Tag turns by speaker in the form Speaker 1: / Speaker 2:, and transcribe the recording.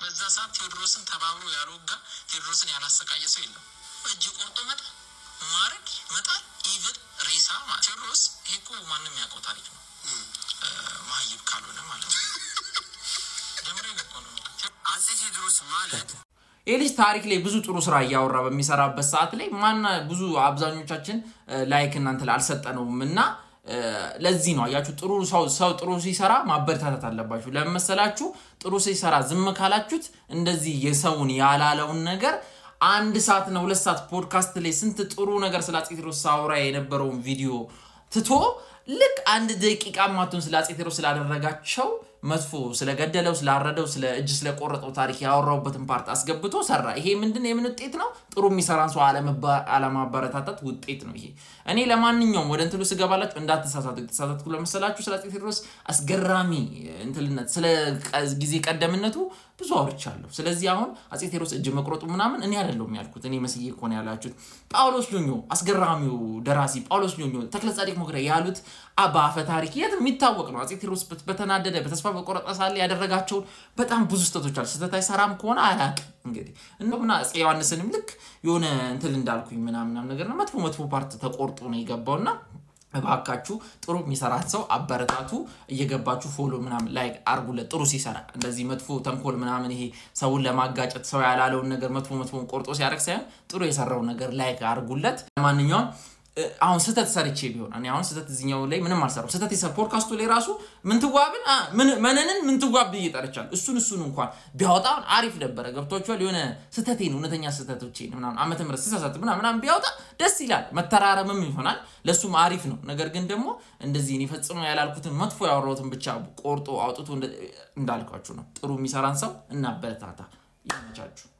Speaker 1: በዛ ሰዓት ቴዎድሮስን ተባብሮ ያልወጋ ቴዎድሮስን ያላሰቃየ ሰው የለም። እጅ ቆርጦ መጣ ማረድ መጣል ኢቭን ሬሳ ቴዎድሮስ ይሄ እኮ ማንም ያውቀው ታሪክ ነው፣ ማህይብ ካልሆነ ማለት ነው።
Speaker 2: ደምሬ አፄ ቴዎድሮስ ማለት ይህ ልጅ ታሪክ ላይ ብዙ ጥሩ ስራ እያወራ በሚሰራበት ሰዓት ላይ ማና ብዙ አብዛኞቻችን ላይክ እናንተ ላይ አልሰጠነውም እና ለዚህ ነው አያችሁ፣ ጥሩ ሰው ጥሩ ሲሰራ ማበረታታት አለባችሁ። ለመሰላችሁ ጥሩ ሲሰራ ዝም ካላችሁት እንደዚህ የሰውን ያላለውን ነገር አንድ ሰዓት ነው ሁለት ሰዓት ፖድካስት ላይ ስንት ጥሩ ነገር ስለ አፄ ቴዎድሮስ ሳውራ የነበረውን ቪዲዮ ትቶ ልክ አንድ ደቂቃ ማቱን ስለ አጼ ቴዎድሮስ ስላደረጋቸው መጥፎ ስለገደለው ስላረደው ስለ እጅ ስለቆረጠው ታሪክ ያወራውበትን ፓርት አስገብቶ ሰራ። ይሄ ምንድን የምን ውጤት ነው? ጥሩ የሚሰራን ሰው አለማበረታታት ውጤት ነው ይሄ። እኔ ለማንኛውም ወደ እንትሉ ስገባላችሁ እንዳትሳሳቱ፣ የተሳሳትኩ ለመሰላችሁ ስለ አጼ ቴዎድሮስ አስገራሚ እንትልነት ስለ ጊዜ ቀደምነቱ ብዙ አውርቻለሁ። ስለዚህ አሁን አጼ ቴዎድሮስ እጅ መቁረጡ ምናምን እኔ አይደለሁም ያልኩት፣ እኔ መስዬ እኮ ያላችሁት። ጳውሎስ ኞኞ አስገራሚው ደራሲ ጳውሎስ ኞኞ ተክለ ጻድቅ ሞገረ ያሉት በአፈ ታሪክ የት የሚታወቅ ነው። አጼ ቴዎድሮስ በተናደደ በተስፋ በቆረጠ ሳለ ያደረጋቸውን በጣም ብዙ ስህተቶች አሉ። ስህተት አይሰራም ከሆነ አያውቅም። እንግዲህ እንደምና አጼ ዮሐንስንም ልክ የሆነ እንትል እንዳልኩኝ ምናምናም ነገር ነው መጥፎ መጥፎ ፓርት ተቆርጦ ነው የገባውና እባካችሁ ጥሩ የሚሰራት ሰው አበረታቱ። እየገባችሁ ፎሎ ምናምን ላይክ አርጉለት። ጥሩ ሲሰራ እንደዚህ መጥፎ ተንኮል ምናምን ይሄ ሰውን ለማጋጨት ሰው ያላለውን ነገር መጥፎ መጥፎን ቆርጦ ሲያደርግ ሳይሆን ጥሩ የሰራውን ነገር ላይክ አርጉለት። ማንኛውም አሁን ስህተት ሰርቼ ቢሆን እኔ አሁን ስህተት እዚኛው ላይ ምንም አልሰራም። ስህተት የሰ ፖድካስቱ ላይ ራሱ ምንትዋብን መነንን ምንትዋብ ብዬ ጠርቻል። እሱን እሱን እንኳን ቢያወጣ አሪፍ ነበረ። ገብቷችኋል? የሆነ ስህተቴን እውነተኛ ስህተቶቼን ምናምን ዓመተ ምህረት ስሳሳት ምናምን ቢያወጣ ደስ ይላል። መተራረምም ይሆናል፣ ለእሱም አሪፍ ነው። ነገር ግን ደግሞ እንደዚህ እኔ ፈጽሞ ያላልኩትን መጥፎ ያወራሁትን ብቻ ቆርጦ አውጥቶ እንዳልኳችሁ ነው። ጥሩ የሚሰራን ሰው እናበረታታ። ይመቻችሁ።